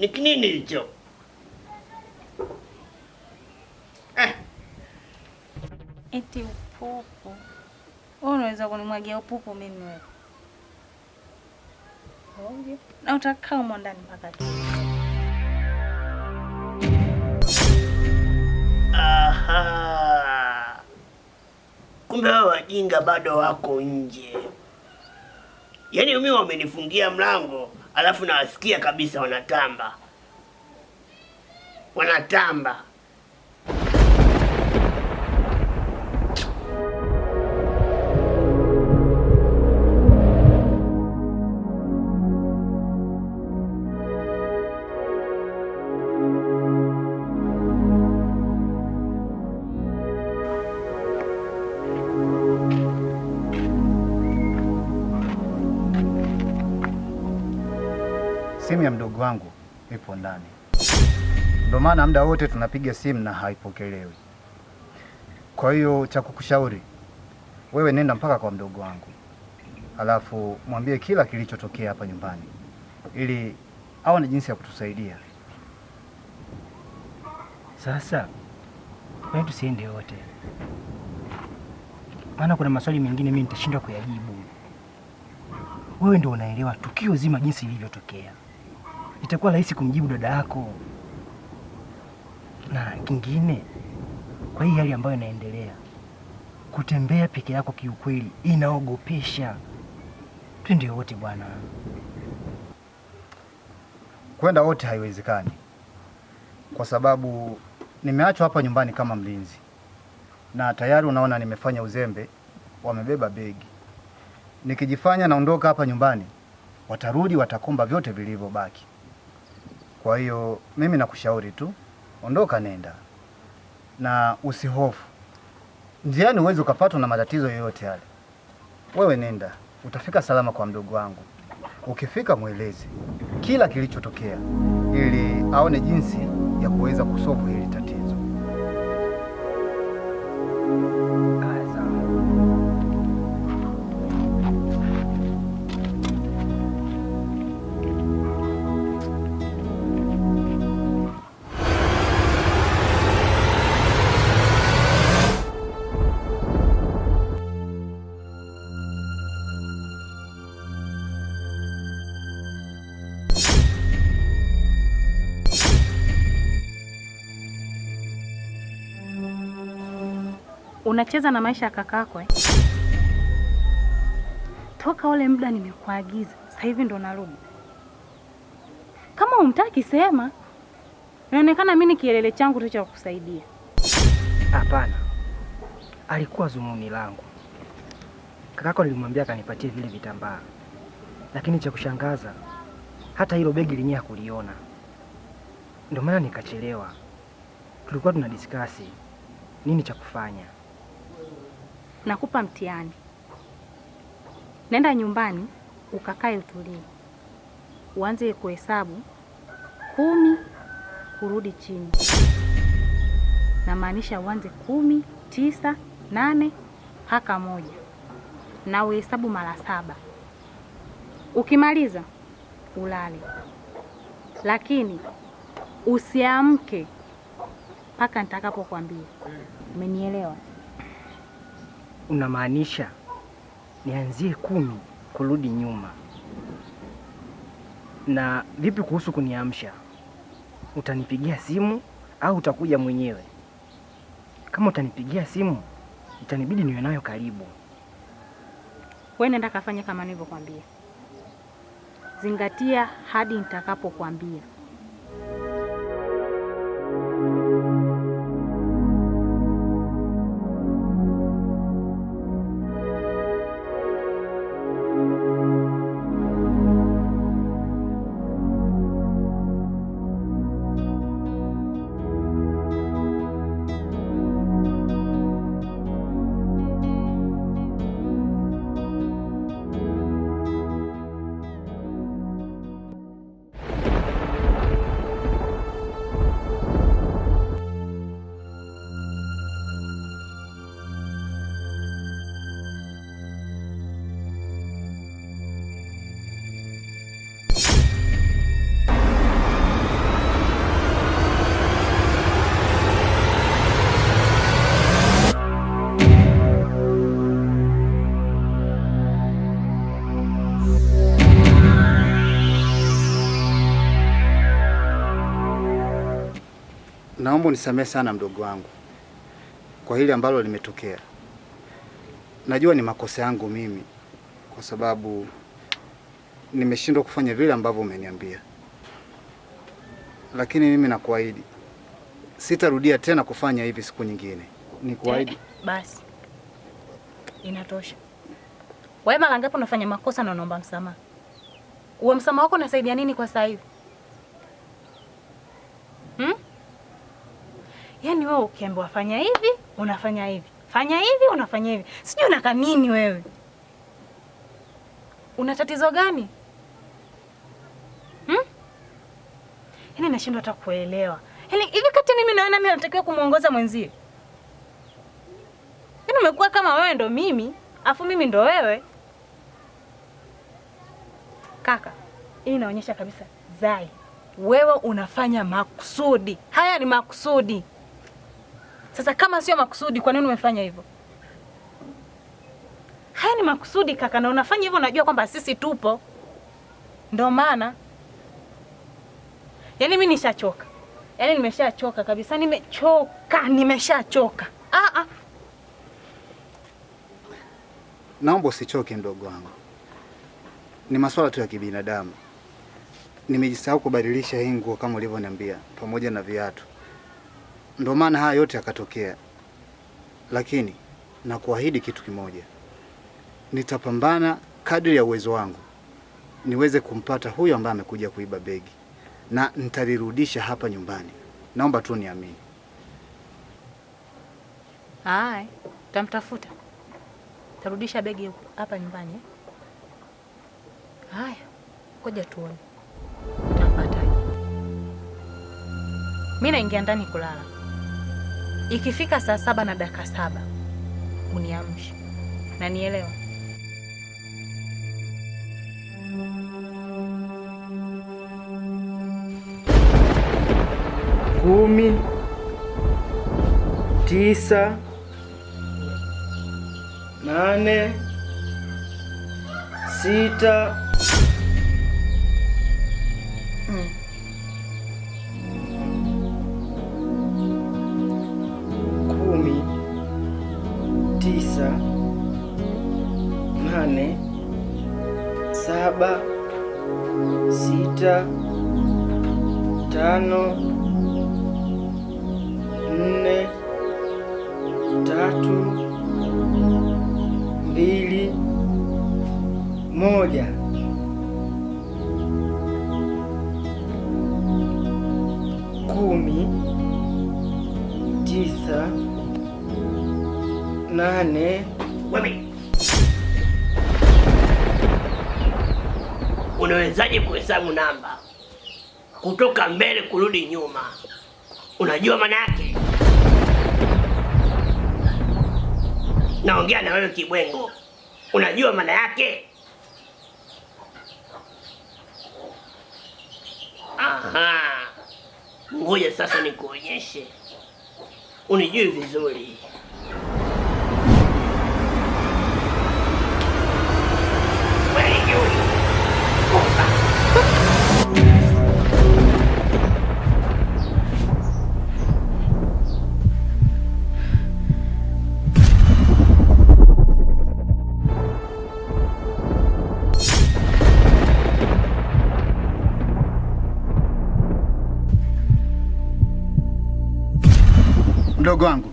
ni kinini hicho eh? Eti upupu wewe, unaweza kunimwagia upupu mimi wewe? Na utakaa humo ndani mpaka tu. Aha, kumbe wa wajinga bado wako nje. Yaani mimi wamenifungia mlango, alafu nawasikia kabisa wanatamba, wanatamba. simu ya mdogo wangu ipo ndani, ndio maana muda wote tunapiga simu na haipokelewi. Kwa hiyo cha kukushauri wewe, nenda mpaka kwa mdogo wangu, alafu mwambie kila kilichotokea hapa nyumbani, ili aone jinsi ya kutusaidia. Sasa kwani tusiende wote? Maana kuna maswali mengine mimi nitashindwa kuyajibu. Wewe ndio unaelewa tukio zima jinsi lilivyotokea itakuwa rahisi kumjibu dada yako. Na kingine, kwa hii hali ambayo inaendelea, kutembea peke yako kiukweli inaogopesha. Twende wote bwana. Kwenda wote haiwezekani, kwa sababu nimeachwa hapa nyumbani kama mlinzi, na tayari unaona nimefanya uzembe, wamebeba begi. Nikijifanya naondoka hapa nyumbani, watarudi watakomba vyote vilivyobaki. Kwa hiyo mimi nakushauri tu ondoka, nenda na usihofu. Njiani huwezi ukapatwa na matatizo yoyote yale. Wewe nenda, utafika salama kwa mdogo wangu. Ukifika mweleze kila kilichotokea, ili aone jinsi ya kuweza kusolve hili. Unacheza na maisha ya kakako eh? Toka ule muda nimekuagiza, sasa hivi ndo narudi. Kama umtaki sema, inaonekana mimi ni kielele changu tu cha kukusaidia. Hapana, alikuwa zumuni langu. Kakako nilimwambia kanipatie vile vitambaa, lakini cha kushangaza hata hilo begi lenyewe hakuliona, ndio maana nikachelewa. Tulikuwa tuna diskasi nini cha kufanya nakupa mtihani. Nenda nyumbani ukakae utulie, uanze kuhesabu kumi kurudi chini, namaanisha uanze kumi, tisa, nane mpaka moja, na uhesabu mara saba. Ukimaliza ulale, lakini usiamke mpaka nitakapokuambia. Umenielewa? Unamaanisha nianzie kumi kurudi nyuma? Na vipi kuhusu kuniamsha? Utanipigia simu au utakuja mwenyewe? Kama utanipigia simu, itanibidi niwe nayo karibu. Wewe nenda kafanya kama nilivyokwambia. Zingatia hadi nitakapokuambia. naomba unisamehe sana mdogo wangu kwa hili ambalo limetokea. Najua ni makosa yangu mimi, kwa sababu nimeshindwa kufanya vile ambavyo umeniambia, lakini mimi nakuahidi sitarudia tena kufanya hivi siku nyingine. Nikuahidi. Eh, basi inatosha. Wewe mara ngapi unafanya makosa na unaomba msamaha? Uwe msamaha wako unasaidia nini kwa sasa hivi? Hmm? Yaani wewe ukiambiwa fanya hivi unafanya hivi, fanya hivi unafanya hivi, sijui unakaa nini wewe. Una tatizo gani hmm? Yaani nashindwa hata kuelewa. Yaani hivi kati mimi naona mimi natakiwa kumwongoza mwenzie? Yaani umekuwa kama wewe ndo mimi afu mimi ndo wewe kaka. Hii inaonyesha kabisa Zai, wewe unafanya makusudi. Haya ni makusudi. Sasa kama sio makusudi, kwa nini umefanya hivyo? Haya ni makusudi kaka, na unafanya hivyo unajua kwamba sisi tupo. Ndio maana yaani mimi nishachoka, yaani nimeshachoka kabisa, nimechoka, nimeshachoka. Ah, ah. Naomba usichoke mdogo wangu, ni masuala tu ya kibinadamu. Nimejisahau kubadilisha hii nguo kama ulivyoniambia, pamoja na viatu ndio maana haya yote yakatokea, lakini nakuahidi kitu kimoja, nitapambana kadri ya uwezo wangu niweze kumpata huyo ambaye amekuja kuiba begi na nitalirudisha hapa nyumbani. Naomba tu niamini. Hai, tamtafuta tarudisha begi hapa nyumbani eh? Haya, ngoja tuone utampataje. Mimi naingia ndani kulala. Ikifika saa saba na dakika saba uniamshe, nielewa kumi tisa nane sita tisa nane saba sita tano nne tatu mbili moja. Kumi tisa nane. Wewe unawezaje kuhesabu namba kutoka mbele kurudi nyuma? Unajua maana yake? Naongea na wewe kibwengo, unajua maana yake? Aha, ngoja sasa nikuonyeshe unijui vizuri. Mdogo wangu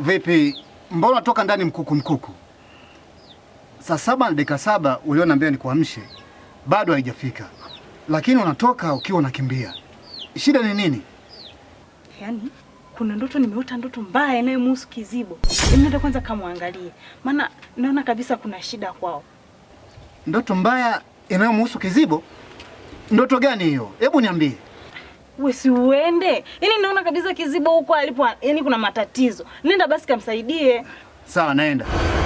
vipi, mbona toka ndani mkuku mkuku? Saa saba na dakika saba ulioniambia nikuamshe, bado haijafika, lakini unatoka ukiwa unakimbia. Shida ni nini? Yaani kuna ndoto nimeota, ndoto mbaya inayomhusu Kizibo. Nimeenda kwanza kamwangalie, maana naona kabisa kuna shida kwao. Ndoto mbaya inayomhusu Kizibo? Ndoto gani hiyo? Hebu niambie. Wewe uende. Yaani naona kabisa kizibo huko alipo, yaani kuna matatizo. Nenda basi kamsaidie. Sawa, naenda.